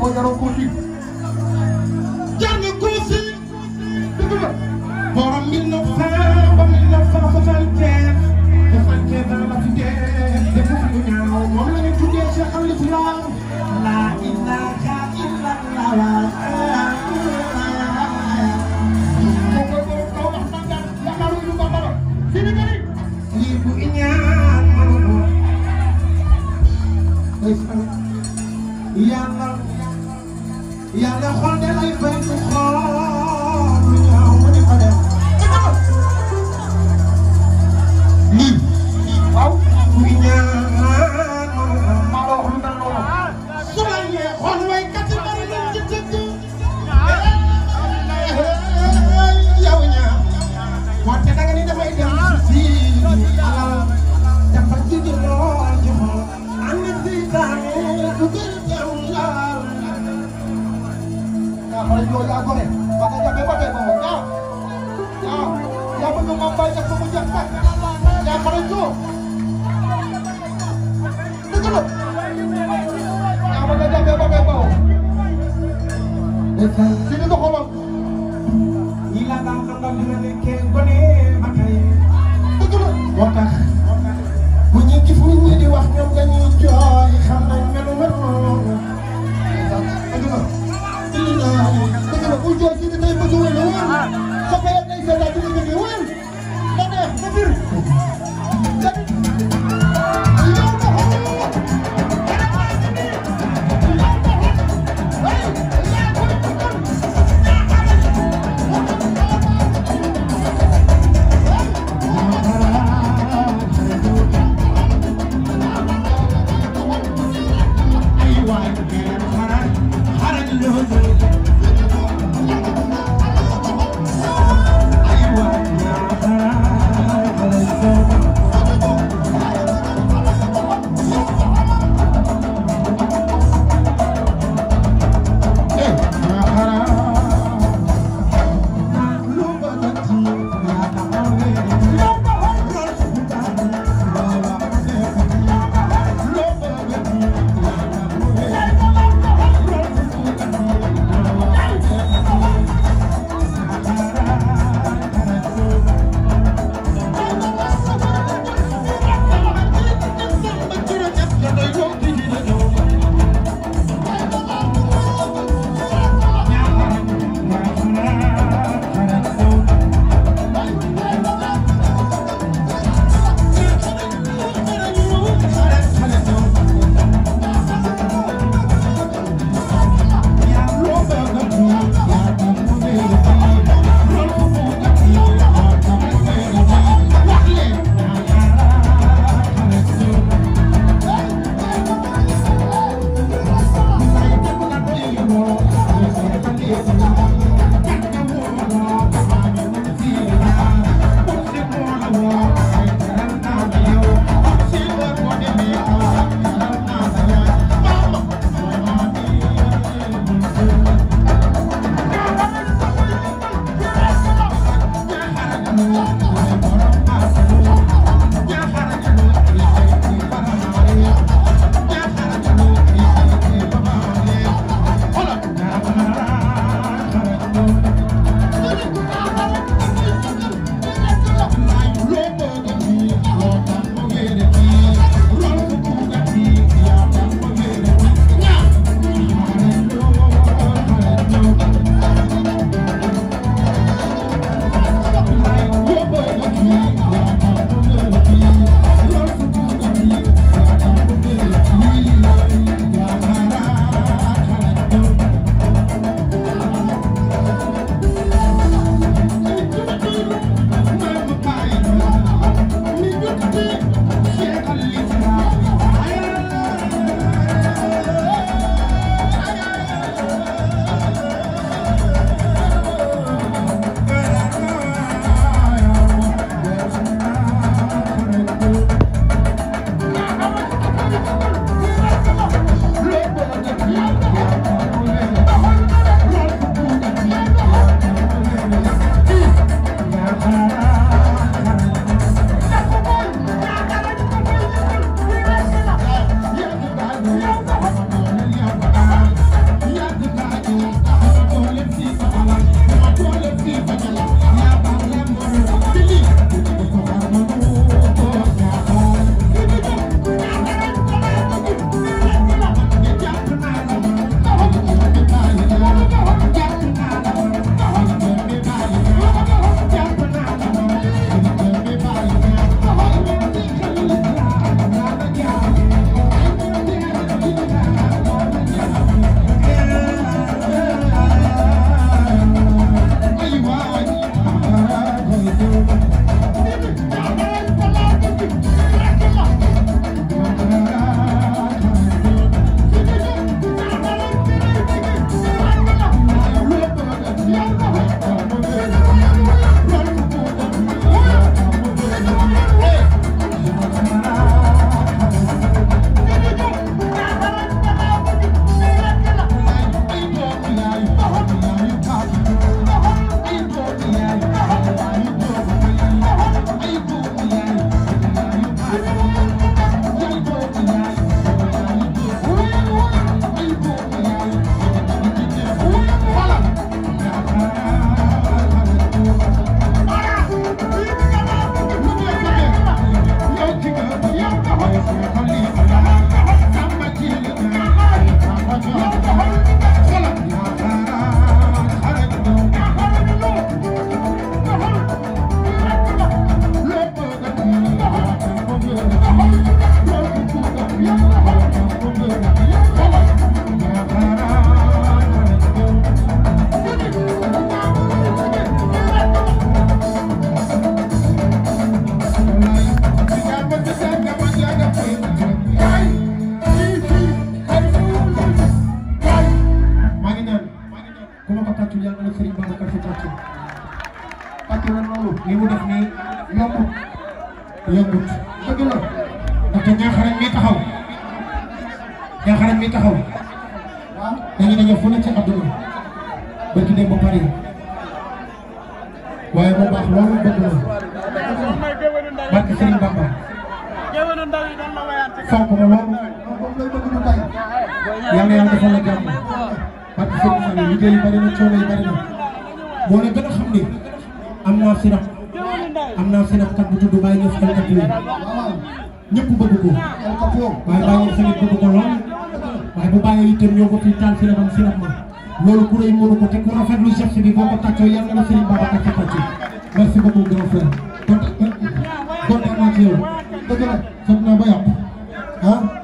mondial en continu. yàlla xool de lay fay moom bàyyi def ko mu jeex tàkk yaa mën a joo dëgg la yaa mën a jàppee ba ngay bawoo. ci li nga xooloon. ñi laa daan xandal dina nekkee gone matay. dëgg la moo tax bu ñu gis nit ñi di wax ñoom dañuy jooy xam nañ melu mel noonu. dëgg la dëgg la dëgg la bu jooy ci di tey ba suur la woon. sa bayat day seetaan di nga jógee woon. Thank you. yàggut dëgg la ndaxte ñaaxarañ mi taxaw ñaaxarañ mi taxaw waaw ah, dañu daje fu ne ci àdduna ba ci démb Paris waaye bu baax loolu bëgg na loolu yàlla yàlla defal la a am naa si am na feneen bu tudd Baye Niass El Capoue waaw ñëpp bëgg ko. El Capoue waaye Baye Niass tamit bëgg ko bu bàyyi itam ñoo ko taal fii am fii loolu ku rëy mënu ko te ku na Serigne Babacar ba yàpp ah.